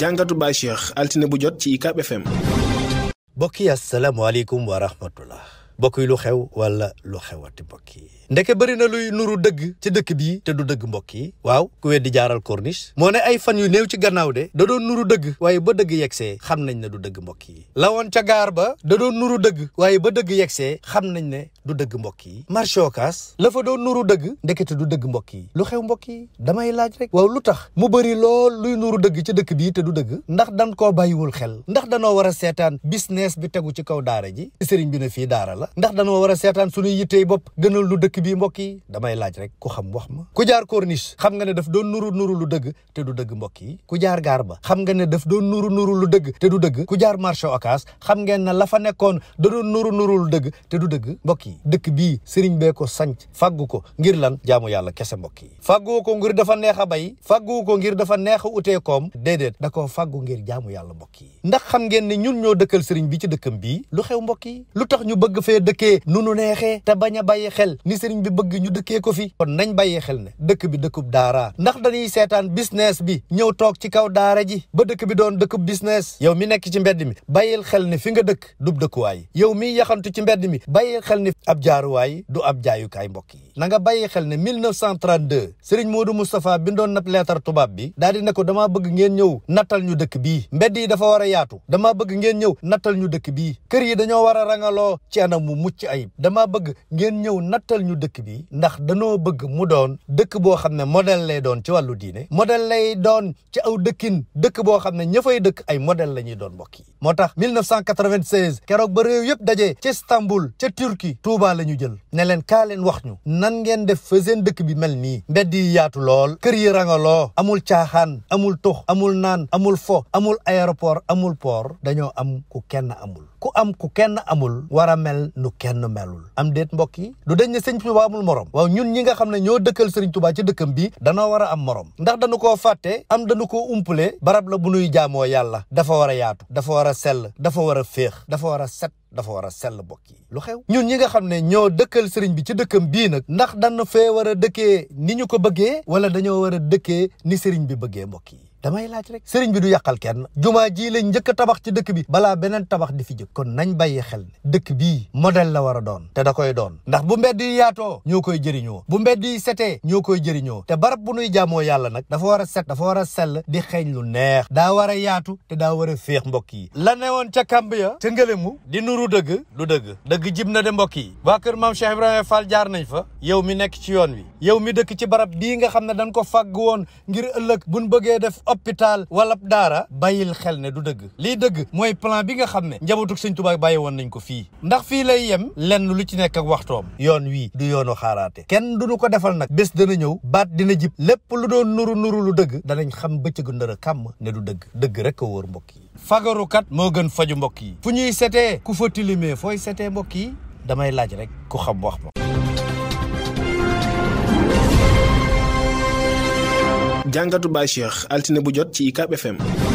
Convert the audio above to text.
jàngatu Baye Cheikh altine bu jot ci UCAB FM. mbokk yi asalaamaaleykum wa rahmatullah mbokk yi lu xew wala lu xewati mbokk yi ndeke bëri na luy nuru dëgg ci dëkk bii te du dëgg mbokk yi waaw ku weddi jaaral corniche moo ne ay fan yu néew ci gannaaw de nuru dëgg waaye ba dëgg yegsee xam nañ ne du dëgg mbokk yi lawoon ca gaar ba da nuru dëgg waaye ba dëgg yegsee xam nañ ne du dëgg mbokk yi marché Ocass la fa doon nuru dëgg ndekete du dëgg mbokk yi lu xew mbokk yi damay laaj rek waaw lu tax mu bëri lool luy nuru dëgg ci dëkk bii te du dëgg ndax dan koo bàyyiwul xel ndax danoo war a seetaan business bi tegu ci kaw daara ji sëriñ bi ne fii daara la ndax dañoo war a seetaan suñuy yittey bopp gënal lu dëkk bi mbokk yi damay laaj rek ku xam wax ma ku jaar corniche xam nga ne daf doon nuru nuru lu dëgg te du dëgg mbokk yi ku jaar gaar ba xam nga ne daf doon nuru nuru lu dëgg te du dëgg ku jaar marché Ocass xam ngeen la fa nekkoon da nuru nuru dëgg te du dëgg mbokk yi dëkk bi sëriñ bee ko sanc fàggu ko ngir lan jamu yàlla kese mbokk yi fàggu ko ngir dafa neex a bay fàggu ko ngir dafa neex a utee koom déedéet da koo fàggu ngir jaamu yàlla mbokk yi ndax xam ngeen ne ñun ñoo dëkkal sëriñ bi ci dëkkam bi lu xew mbokk lu tax ñu bëgg fee fee dëkkee nu nu neexee te bañ a bàyyi xel ni sëriñ bi bëgg ñu dëkkee ko fi kon nañ bàyyi xel ne dëkk bi dëkkub daara ndax dañuy seetaan bisnes bi ñëw toog ci kaw daara ji ba dëkk bi doon dëkkub business yow mi nekk ci mbedd mi bàyyil xel ne fi nga dëkk dub dëkkuwaay yow miy yaxantu ci mbedd mi bàyyil xel ne ab jaaruwaay du ab jaayukaay mbokk yi na nga bàyyi xel ne 1932 sëriñ Modou Moustapha bindoon na leetar tubaab bi daal di ne ko damaa bëgg ngeen ñëw nattal ñu dëkk bii mbedd yi dafa war a yaatu damaa bëgg ngeen ñëw nattal ñu dëkk bii kër yi dañoo war a rangaloo ci mu mucc ayib dama bëgg ngeen ñëw nattal ñu dëkk bi ndax danoo bëgg mu doon dëkk boo xam ne modèle lay doon ci wàllu diine modèle lay doon ci aw dëkkin dëkk boo xam ne ña fay dëkk ay model la ñuy doon mbokk yi moo tax 1996 keroog ba réew yëpp daje ca Istanbul ca Turquie Touba la ñu jël ne leen kaa leen wax ñu nan ngeen def fa seen dëkk bi mel nii mbedd yi yaatu lool kër yi rangaloo amul caaxaan amul tux amul naan amul fo amul aéroport amul port dañoo am ku kenn amul ku am ku kenn amul war mel nu kenn melul am det mbokk yi du dañ ne sëñ Tuubaa amul morom waaw ñun ñi nga xam ne ñoo dëkkal sëriñ Tuubaa ci dëkkam bi danoo war a am moroom ndax dañu koo fàtte am dañu ko umpale barab la bu nuy jaamoo yàlla dafa war a yaatu dafa war a sell dafa war a féex dafa war a set dafa war a sell bokk yi lu xew ñun ñi nga xam ne ñoo dëkkal sëriñ bi ci dëkkam bii nag ndax dañu fee war a dëkkee ni ñu ko bëggee wala dañoo war a dëkkee ni sëriñ bi bëggee mbokk yi damay laaj rek sëriñ bi du yàqal kenn jumaa jii lañ njëkk tabax ci dëkk bi balaa beneen tabax di fi jëkk kon nañ bàyyi xel dëkk bii model la war a doon te da koy doon ndax bu mbedd yi yaatoo ñoo koy jëriñoo bu mbedd yi setee ñoo koy jëriñoo te barab bu nuy jaamoo yàlla nag dafa war a set dafa war a sell di xeeñ lu neex daa war a yaatu te daa war a féex mbokk yi la newoon ca kamb ya ca ngëlemu di nuru dëgg lu dëgg dëgg jib na de mbokk yi waa kër maam Cheikh Ibrahima Fall jaar nañ fa yow mi nekk ci yoon wi yow mi dëkk ci barab bii nga xam ne dañ ko fàgg ngir ëllëg buñ bëggee def hôpital wala daara bàyyil xel ne du dëgg lii dëgg mooy plan bi nga xam ne njabootu sëñ Tuubaa bàyyi woon nañ ko fii ndax fii lay yem lenn lu ci nekk ak waxtoom yoon wii du yoonu xaaraate kenn duñu ko defal nag bés dana ñëw baat dina jib lépp lu doon nuru nuru lu dëgg danañ xam bëccëgu ndër a kàmm ne du dëgg dëgg rek a wóor mbokk yi fagarukat moo gën faju mbokk yi fu ñuy setee ku fa tilimee fooy setee mbokk yi damay laaj rek ku xam wax ma jàngatu Baye Cheikh altine bu jot ci UCAB FM.